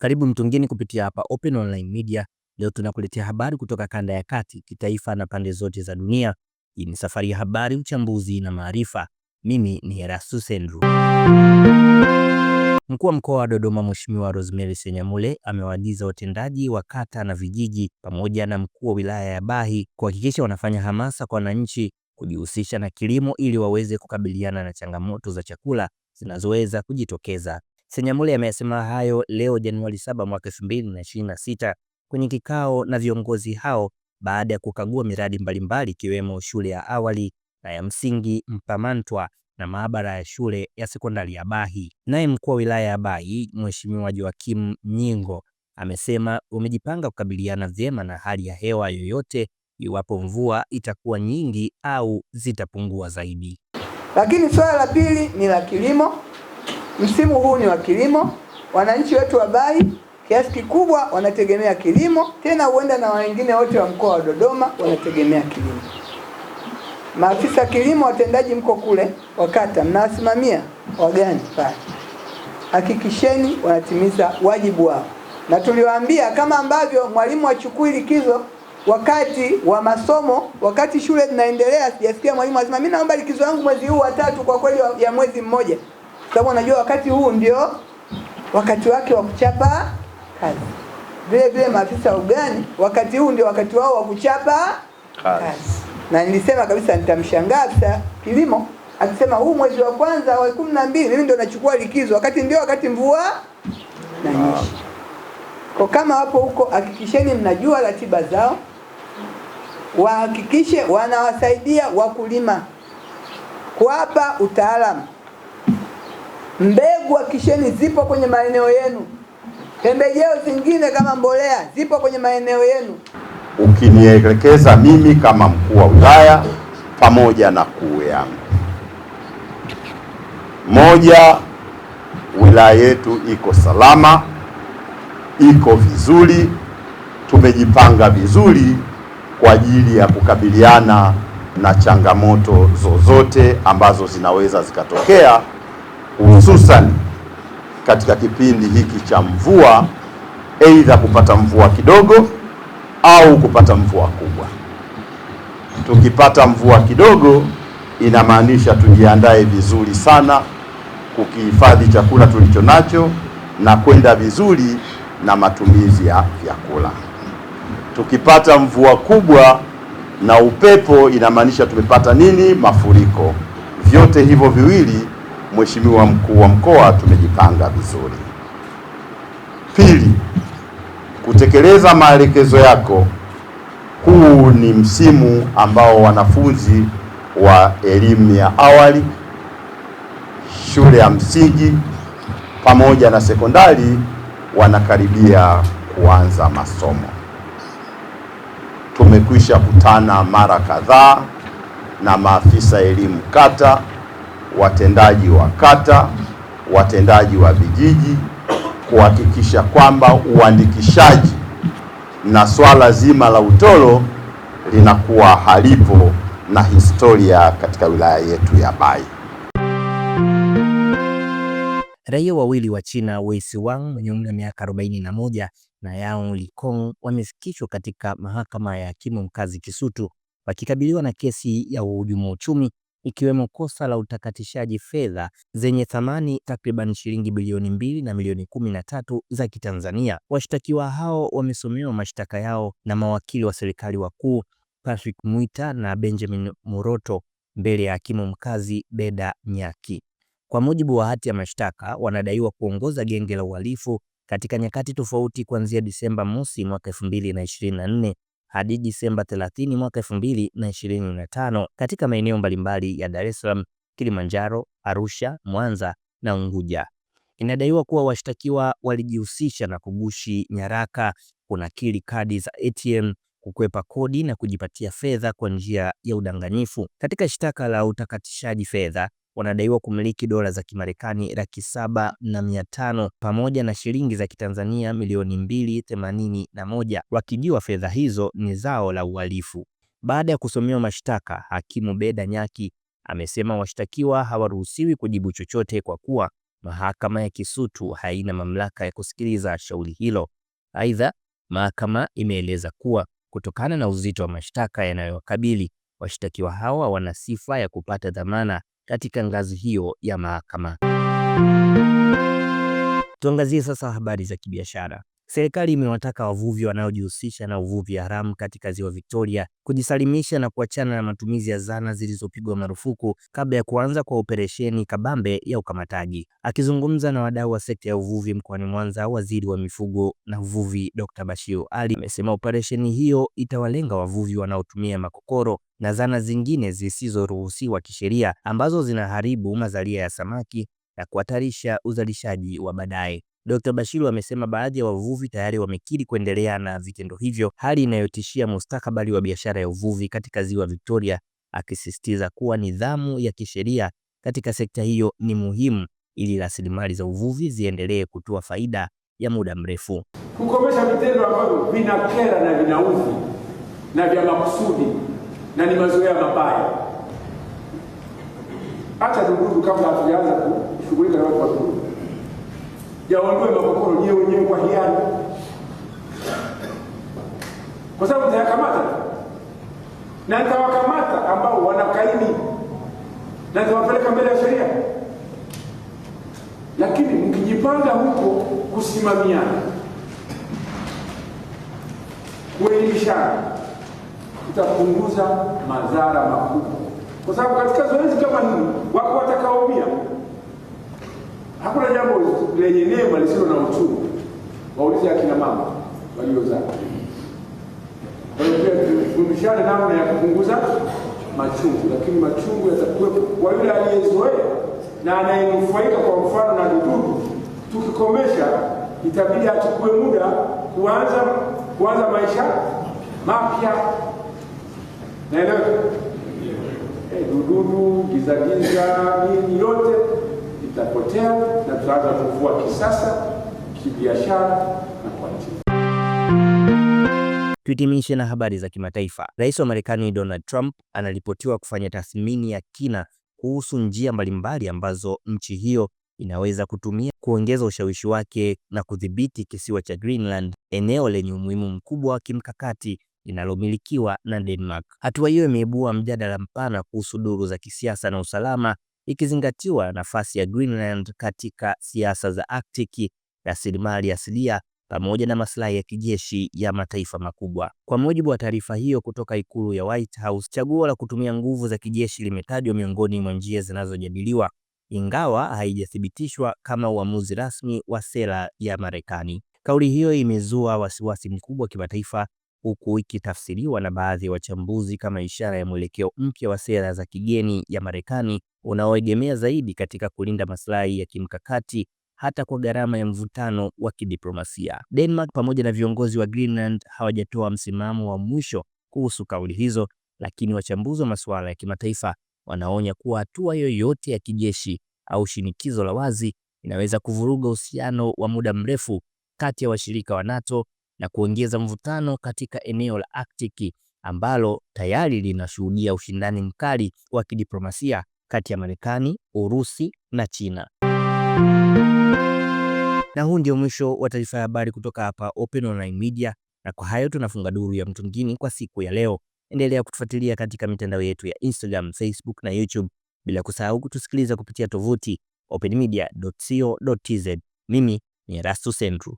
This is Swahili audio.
Karibu mtungini kupitia hapa Open Online Media. Leo tunakuletea habari kutoka kanda ya kati, kitaifa na pande zote za dunia. Hii ni safari ya habari, uchambuzi na maarifa. Mimi ni Erastus Andrew. Mkuu wa mkoa wa Dodoma Mheshimiwa Rosemary Senyamule amewaagiza watendaji wa kata na vijiji pamoja na mkuu wa wilaya ya Bahi kuhakikisha wanafanya hamasa kwa wananchi kujihusisha na kilimo ili waweze kukabiliana na changamoto za chakula zinazoweza kujitokeza. Senyamule ameyasema hayo leo Januari 7 mwaka 2026 kwenye kikao na viongozi hao baada ya kukagua miradi mbalimbali ikiwemo shule ya awali na ya msingi Mpamantwa na maabara ya shule ya sekondari ya Bahi. Naye mkuu wa wilaya ya Bahi Mheshimiwa Joakim Nyingo amesema umejipanga kukabiliana vyema na hali ya hewa yoyote iwapo mvua itakuwa nyingi au zitapungua zaidi. Lakini swala la pili ni la kilimo Msimu huu ni wa kilimo. Wananchi wetu wa kiasi kikubwa wanategemea kilimo, tena huenda na wengine wote wa mkoa wa Dodoma wanategemea kilimo. Maafisa kilimo watendaji, mko kule wakata, mnawasimamia wagani pale, hakikisheni wanatimiza wajibu wao, na tuliwaambia kama ambavyo mwalimu achukui likizo wakati wa masomo, wakati shule zinaendelea. Sijasikia mwalimu asema mimi naomba likizo yangu mwezi huu wa tatu, kwa kweli ya mwezi mmoja sababu anajua wakati huu ndio wakati wake wa kuchapa kazi. Vile vile maafisa wa ugani wakati huu ndio wakati wao wa kuchapa kazi. kazi. Na nilisema kabisa nitamshangaza kilimo akisema huu mwezi wa kwanza wa kumi na mbili mimi ndio nachukua likizo, wakati ndio wakati mvua na nyingi. Kwa kama wapo huko, hakikisheni mnajua ratiba zao, wahakikishe wanawasaidia wakulima kuwapa utaalamu Mbegu hakikisheni zipo kwenye maeneo yenu. Pembejeo zingine kama mbolea zipo kwenye maeneo yenu. Ukinielekeza mimi kama mkuu wa wilaya pamoja na kuu yangu moja, wilaya yetu iko salama, iko vizuri, tumejipanga vizuri kwa ajili ya kukabiliana na changamoto zozote ambazo zinaweza zikatokea hususan katika kipindi hiki cha mvua, aidha kupata mvua kidogo au kupata mvua kubwa. Tukipata mvua kidogo, inamaanisha tujiandae vizuri sana kukihifadhi chakula tulicho nacho na kwenda vizuri na matumizi ya vyakula. Tukipata mvua kubwa na upepo, inamaanisha tumepata nini? Mafuriko. Vyote hivyo viwili Mheshimiwa mkuu wa mkoa, tumejipanga vizuri. Pili, kutekeleza maelekezo yako. Huu ni msimu ambao wanafunzi wa elimu ya awali, shule ya msingi pamoja na sekondari wanakaribia kuanza masomo. Tumekwisha kutana mara kadhaa na maafisa elimu kata watendaji wa kata, watendaji wa vijiji kuhakikisha kwamba uandikishaji na swala zima la utoro linakuwa halipo na historia katika wilaya yetu ya Bai. Raia wawili wa China Wei Siwang mwenye umri wa miaka 41 na Yang Likong wamefikishwa katika mahakama ya hakimu mkazi Kisutu wakikabiliwa na kesi ya uhujumu uchumi ikiwemo kosa la utakatishaji fedha zenye thamani takriban shilingi bilioni mbili na milioni kumi na tatu za Kitanzania. Washtakiwa hao wamesomewa mashtaka yao na mawakili wa serikali wakuu Patrick Mwita na Benjamin Muroto mbele ya hakimu mkazi Beda Nyaki. Kwa mujibu wa hati ya mashtaka, wanadaiwa kuongoza genge la uhalifu katika nyakati tofauti kuanzia Disemba mosi mwaka nne hadi Disemba 30 mwaka 2025 katika maeneo mbalimbali ya Dar es Salaam, Kilimanjaro, Arusha, Mwanza na Unguja. Inadaiwa kuwa washtakiwa walijihusisha na kugushi nyaraka, kunakili kadi za ATM, kukwepa kodi na kujipatia fedha kwa njia ya udanganyifu. Katika shtaka la utakatishaji fedha, wanadaiwa kumiliki dola za Kimarekani laki saba na mia tano pamoja na shilingi za Kitanzania milioni mbili themanini na moja wakijua fedha hizo ni zao la uhalifu. Baada ya kusomewa mashtaka, hakimu Beda Nyaki amesema washtakiwa hawaruhusiwi kujibu chochote kwa kuwa mahakama ya Kisutu haina mamlaka ya kusikiliza shauri hilo. Aidha, mahakama imeeleza kuwa kutokana na uzito wa mashtaka yanayowakabili washtakiwa hawa wana sifa ya kupata dhamana katika ngazi hiyo ya mahakama. Tuangazie sasa habari za kibiashara. Serikali imewataka wavuvi wanaojihusisha na uvuvi haramu katika ziwa Victoria kujisalimisha na kuachana na matumizi ya zana zilizopigwa marufuku kabla ya kuanza kwa operesheni kabambe ya ukamataji. Akizungumza na wadau wa sekta ya uvuvi mkoani Mwanza, waziri wa mifugo na uvuvi Dr. Bashir Ali amesema operesheni hiyo itawalenga wavuvi wanaotumia makokoro na zana zingine zisizoruhusiwa kisheria ambazo zinaharibu mazalia ya samaki na kuhatarisha uzalishaji wa baadaye. Dr. Bashiru amesema baadhi ya wavuvi tayari wamekiri kuendelea na vitendo hivyo, hali inayotishia mustakabali wa biashara ya uvuvi katika Ziwa Victoria, akisisitiza kuwa nidhamu ya kisheria katika sekta hiyo ni muhimu ili rasilimali za uvuvi ziendelee kutoa faida ya muda mrefu. Kukomesha vitendo ambavyo vinakera na vinauzi na vya makusudi na ni mazoea mabaya. Hata dugudu kabla hatujaanza kushughulika na watu wenyewe wenyewe kwa hiari, kwa sababu nitayakamata na nitawakamata ambao wanakaini na nitawapeleka mbele ya sheria. Lakini mkijipanga huko kusimamiana, kuelimishana, itapunguza madhara makubwa, kwa sababu katika zoezi kama hili wako watakaumia Hakuna jambo lenye neema lisilo na uchungu. Waulize akina mama waliozaa. Kwa hiyo tufundishane namna ya kupunguza machungu, lakini machungu yatakuwepo kwa yule aliyezoea na anayenufaika, kwa mfano na dududu. Tukikomesha itabidi achukue muda kuanza kuanza maisha mapya. Naelewa? Eh, dududu, gizagiza, nini yote tutapotea na tutaanza kuvua kisasa, kibiashara na kwa Tuhitimishe na habari za kimataifa. Rais wa Marekani Donald Trump anaripotiwa kufanya tathmini ya kina kuhusu njia mbalimbali ambazo nchi hiyo inaweza kutumia kuongeza ushawishi wake na kudhibiti kisiwa cha Greenland, eneo lenye umuhimu mkubwa wa kimkakati linalomilikiwa na Denmark. Hatua hiyo imeibua mjadala mpana kuhusu duru za kisiasa na usalama ikizingatiwa nafasi ya Greenland katika siasa za Arctic, rasilimali asilia pamoja na maslahi ya kijeshi ya mataifa makubwa. Kwa mujibu wa taarifa hiyo kutoka ikulu ya White House, chaguo la kutumia nguvu za kijeshi limetajwa miongoni mwa njia zinazojadiliwa, ingawa haijathibitishwa kama uamuzi rasmi wa sera ya Marekani. Kauli hiyo imezua wasiwasi mkubwa kimataifa, huku ikitafsiriwa na baadhi ya wachambuzi kama ishara ya mwelekeo mpya wa sera za kigeni ya Marekani unaoegemea zaidi katika kulinda maslahi ya kimkakati hata kwa gharama ya mvutano wa kidiplomasia. Denmark pamoja na viongozi wa Greenland hawajatoa msimamo wa mwisho kuhusu kauli hizo, lakini wachambuzi wa masuala ya kimataifa wanaonya kuwa hatua yoyote ya kijeshi au shinikizo la wazi inaweza kuvuruga uhusiano wa muda mrefu kati ya washirika wa NATO na kuongeza mvutano katika eneo la Arctic ambalo tayari linashuhudia ushindani mkali wa kidiplomasia kati ya Marekani, Urusi na China. Na huu ndio mwisho wa taarifa ya habari kutoka hapa Open Online Media, na kwa hayo tunafunga duru ya mtu mtungini kwa siku ya leo. Endelea kutufuatilia katika mitandao yetu ya Instagram, Facebook na YouTube, bila kusahau kutusikiliza kupitia tovuti openmedia.co.tz. Mimi ni Erasto Sendru.